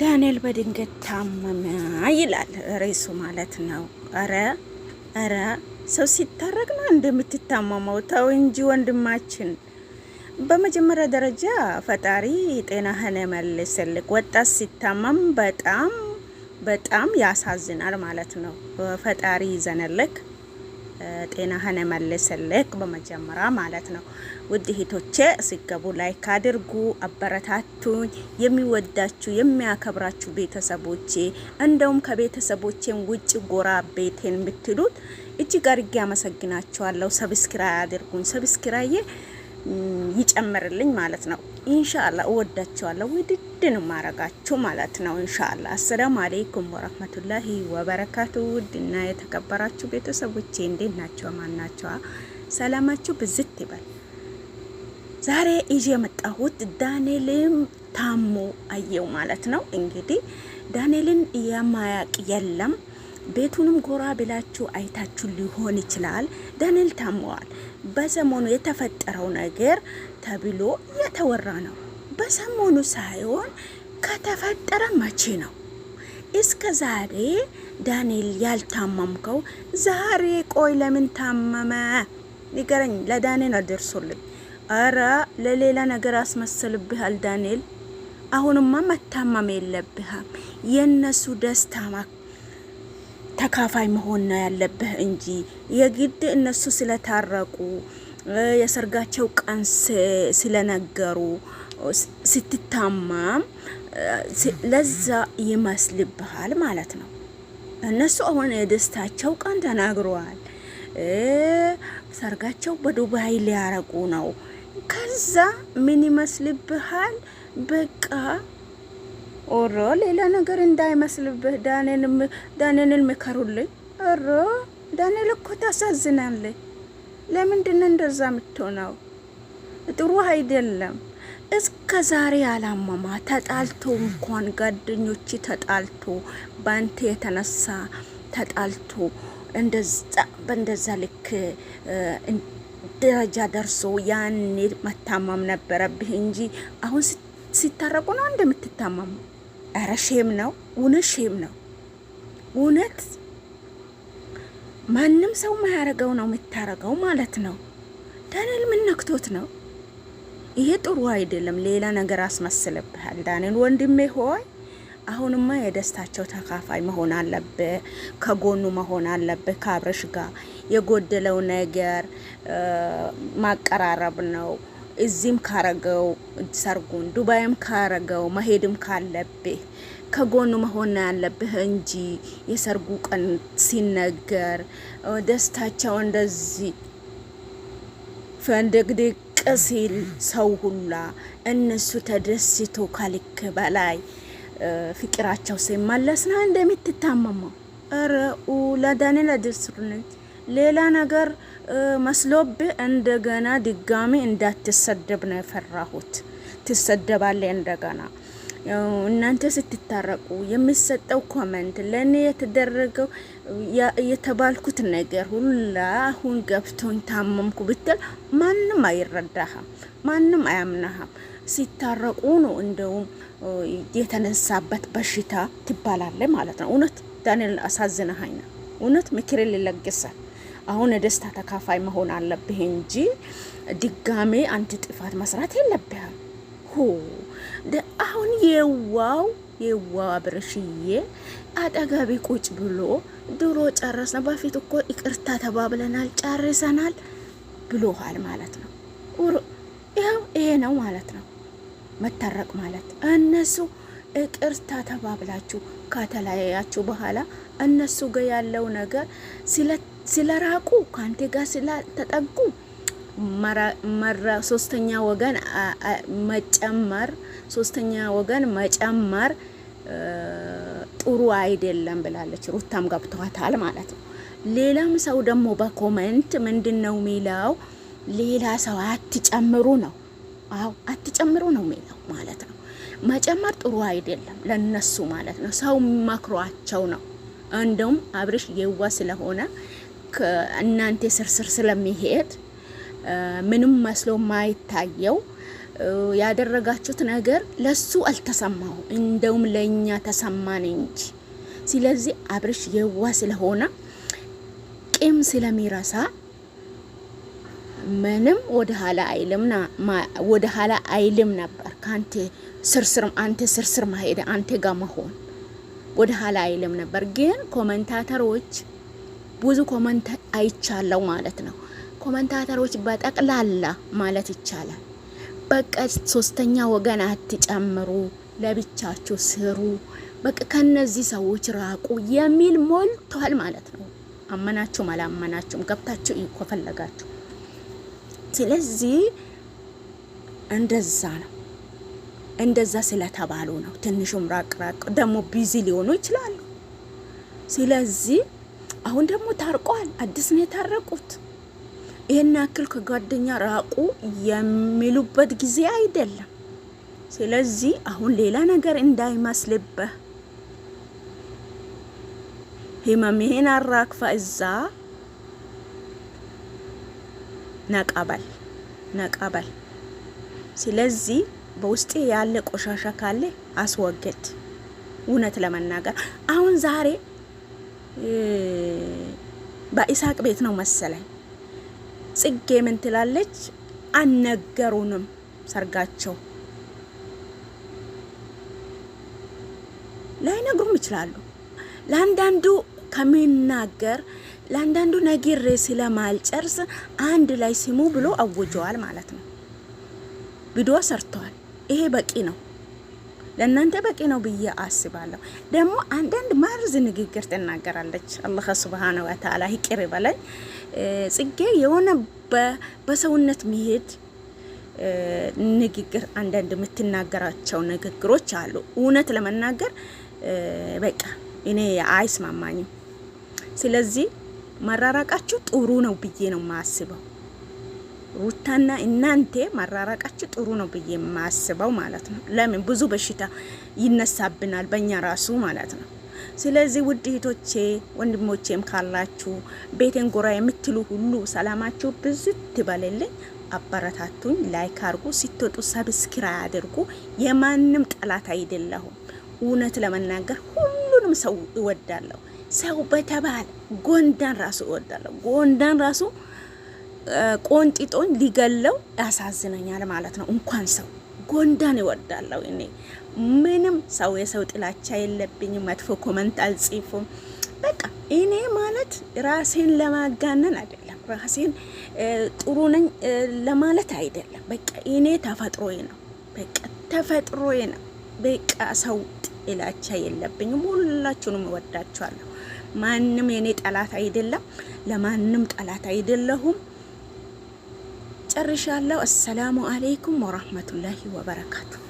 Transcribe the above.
ዳንኤል በድንገት ታመመ ይላል ርዕሱ ማለት ነው። ኧረ ኧረ ሰው ሲታረቅ ነው እንደምትታመመው። ተው እንጂ ወንድማችን። በመጀመሪያ ደረጃ ፈጣሪ ጤናህን መልስልክ። ወጣት ሲታመም በጣም በጣም ያሳዝናል ማለት ነው። ፈጣሪ ይዘንልክ። ጤናህን መልስልክ በመጀመሪያ ማለት ነው። ውድ እህቶቼ ሲገቡ ላይክ አድርጉ፣ አበረታቱ። የሚወዳችሁ የሚያከብራችሁ ቤተሰቦቼ እንደውም ከቤተሰቦቼም ውጭ ጎራ ቤቴን የምትሉት እጅግ አድርጌ አመሰግናችኋለሁ። ሰብስክራይ አድርጉኝ፣ ሰብስክራዬ ይጨምርልኝ ማለት ነው። ኢንሻአላህ እወዳችኋለሁ። ውድድ ውድ ነው ማረጋችሁ ማለት ነው። እንሻላ አሰላሙ አሌይኩም ወራህመቱላሂ ወበረካቱ። ውድና የተከበራችሁ ቤተሰቦቼ እንዴት ናቸው? ማን ናቸዋ? ሰላማችሁ ብዝት ይበል። ዛሬ ይዤ የመጣሁት ዳንኤልም ታሞ አየው ማለት ነው። እንግዲህ ዳንኤልን የማያቅ የለም። ቤቱንም ጎራ ብላችሁ አይታችሁ ሊሆን ይችላል። ዳንኤል ታመዋል። በሰሞኑ የተፈጠረው ነገር ተብሎ የተወራ ነው በሰሞኑ ሳይሆን ከተፈጠረ መቼ ነው? እስከ ዛሬ ዳንኤል ያልታመምከው ዛሬ ቆይ፣ ለምን ታመመ ንገረኝ። ለዳንኤል አደርሶልኝ። አረ ለሌላ ነገር አስመሰልብሃል ዳንኤል። አሁንማ መታመም የለብህ። የነሱ ደስታማ ተካፋይ መሆን ነው ያለብህ እንጂ የግድ እነሱ ስለታረቁ የሰርጋቸው ቀን ስለነገሩ ስትታማም ለዛ ይመስልብሃል ማለት ነው። እነሱ አሁን የደስታቸው ቀን ተናግረዋል። ሰርጋቸው በዱባይ ሊያረቁ ነው። ከዛ ምን ይመስልብሃል? በቃ ኦሮ ሌላ ነገር እንዳይመስልብህ ዳንኤልን ምከሩልኝ። ኦሮ ዳንኤል እኮ ታሳዝናለህ። ለምንድን እንደዛ የምትሆነው? ጥሩ አይደለም። እስከ ዛሬ አላማማ ተጣልቶ እንኳን ጓደኞች ተጣልቶ በአንተ የተነሳ ተጣልቶ እንደዛ በእንደዛ ልክ ደረጃ ደርሶ ያኔ መታመም ነበረብህ እንጂ አሁን ሲታረቁ ነው እንደምትታመሙ። እረ ሼም ነው እውነት፣ ሼም ነው እውነት። ማንም ሰው ማያረገው ነው የምታረገው ማለት ነው። ዳንኤል ምን ነክቶት ነው? ይሄ ጥሩ አይደለም። ሌላ ነገር አስመስልብሃል። ዳንኤል ወንድሜ ሆይ አሁንማ የደስታቸው ተካፋይ መሆን አለብህ፣ ከጎኑ መሆን አለብህ። ከአብረሽ ጋር የጎደለው ነገር ማቀራረብ ነው። እዚህም ካረገው ሰርጉን፣ ዱባይም ካረገው መሄድም ካለብህ ከጎኑ መሆን ያለብህ እንጂ የሰርጉ ቀን ሲነገር ደስታቸው እንደዚህ ፈንድቅድቅ ዝቅ ሲል ሰው ሁላ እነሱ ተደስቶ ከልክ በላይ ፍቅራቸው ሲመለስ ነው እንደምትታመመው። እረ ለዳኔ ለድስሩልኝ ሌላ ነገር መስሎብ እንደገና ድጋሚ እንዳትሰደብ ነው የፈራሁት። ትሰደባለ እንደገና እናንተ ስትታረቁ የምሰጠው ኮመንት ለእኔ የተደረገው የተባልኩት ነገር ሁላ አሁን ገብቶኝ ታመምኩ ብትል ማንም አይረዳህም፣ ማንም አያምናህም። ሲታረቁ ነው እንደውም የተነሳበት በሽታ ትባላለ ማለት ነው። እውነት ዳንኤል አሳዝነሃኝ ነው። እውነት ምክር ሊለግሰ አሁን የደስታ ተካፋይ መሆን አለብህ እንጂ ድጋሜ አንድ ጥፋት መስራት የለብህም። አሁን የዋው የዋው አብርሽዬ አጠገቤ ቁጭ ብሎ ድሮ ጨረስነ በፊት እኮ ይቅርታ ተባብለናል ጨርሰናል ብሎሃል ማለት ነው። ይኸው ይሄ ነው ማለት ነው መታረቅ ማለት እነሱ ይቅርታ ተባብላችሁ ከተለያያችሁ በኋላ እነሱ ጋር ያለው ነገር ስለራቁ ከአንቴ ጋር ስላልተጠጉ ሶስተኛ ወገን መጨመር ሶስተኛ ወገን መጨመር ጥሩ አይደለም ብላለች። ሩታም ገብቷታል ማለት ነው። ሌላም ሰው ደግሞ በኮመንት ምንድን ነው የሚለው? ሌላ ሰው አትጨምሩ ነው። አዎ አትጨምሩ ነው የሚለው ማለት ነው። መጨመር ጥሩ አይደለም ለነሱ ማለት ነው። ሰው መክሯቸው ነው። እንደውም አብርሽ የዋ ስለሆነ ከእናንተ ስርስር ስለሚሄድ ምንም መስሎ ማይታየው ያደረጋችሁት ነገር ለሱ አልተሰማው፣ እንደውም ለኛ ተሰማን እንጂ። ስለዚህ አብርሽ የዋ ስለሆነ ቂም ስለሚረሳ ምንም ወደ ኋላ አይልምና ወደ ኋላ አይልም ነበር ካንቴ ስርስር አንተ ስርስር ማሄደ አንተ ጋር መሆን ወደ ኋላ አይልም ነበር። ግን ኮመንታተሮች ብዙ ኮመንት አይቻለው ማለት ነው ኮመንታተሮች በጠቅላላ ማለት ይቻላል በቃ ሶስተኛ ወገን አትጨምሩ፣ ለብቻችሁ ስሩ፣ በቃ ከነዚህ ሰዎች ራቁ የሚል ሞልቷል ማለት ነው። አመናችሁም አላመናችሁም ገብታችሁ እዩ ከፈለጋችሁ። ስለዚህ እንደዛ ነው። እንደዛ ስለተባሉ ነው። ትንሹም ራቅ ራቅ ደግሞ ቢዚ ሊሆኑ ይችላሉ። ስለዚህ አሁን ደግሞ ታርቋል። አዲስ ነው የታረቁት። ይሄን ያክል ከጓደኛ ራቁ የሚሉበት ጊዜ አይደለም። ስለዚህ አሁን ሌላ ነገር እንዳይመስልብህ ህመምህን አራግፈ እዛ ነቀበል ነቀበል። ስለዚህ በውስጤ ያለ ቆሻሻ ካለ አስወገድ። እውነት ለመናገር አሁን ዛሬ በኢሳቅ ቤት ነው መሰለኝ ጽጌ ምን ትላለች? አልነገሩንም ሰርጋቸው ላይነግሩም ይችላሉ። ለአንዳንዱ ከሚናገር ለአንዳንዱ ነግሬ ስለማልጨርስ አንድ ላይ ስሙ ብሎ አውጀዋል ማለት ነው። ቪዲዮ ሰርተዋል። ይሄ በቂ ነው። ለእናንተ በቂ ነው ብዬ አስባለሁ። ደግሞ አንዳንድ መርዝ ንግግር ትናገራለች። አላህ ስብሃነ ወተዓላ ይቅር በላይ ጽጌ የሆነ በሰውነት መሄድ ንግግር አንዳንድ የምትናገራቸው ንግግሮች አሉ። እውነት ለመናገር በቃ እኔ አይስማማኝም። ስለዚህ መራራቃችሁ ጥሩ ነው ብዬ ነው የማስበው። ውታና እናንተ ማራራቃችሁ ጥሩ ነው ብዬ ማስበው ማለት ነው። ለምን ብዙ በሽታ ይነሳብናል በእኛ ራሱ ማለት ነው። ስለዚህ ውድ እህቶቼ ወንድሞቼም ካላችሁ ቤቴን ጎራ የምትሉ ሁሉ ሰላማችሁ ብዙ ትበልልኝ። አበረታቱኝ፣ ላይክ አርጉ፣ ስትወጡ ሰብስክራ አድርጉ። የማንም ጠላት አይደለሁም። እውነት ለመናገር ሁሉንም ሰው እወዳለሁ። ሰው በተባለ ጎንዳን ራሱ እወዳለሁ። ጎንዳን ራሱ ቆንጢጦን ሊገለው ያሳዝነኛል ማለት ነው። እንኳን ሰው ጎንዳን ይወዳለው። እኔ ምንም ሰው የሰው ጥላቻ የለብኝም። መጥፎ ኮመንት አልጽፉም። በቃ እኔ ማለት ራሴን ለማጋነን አይደለም፣ ራሴን ጥሩ ነኝ ለማለት አይደለም። በቃ እኔ ተፈጥሮዬ ነው። በቃ ተፈጥሮዬ ነው። በቃ ሰው ጥላቻ የለብኝም። ሁላችሁንም እወዳችኋለሁ። ማንም የኔ ጠላት አይደለም። ለማንም ጠላት አይደለሁም። ጨርሻለሁ። አሰላሙ አሌይኩም ወራህመቱላሂ ወበረካቱሁ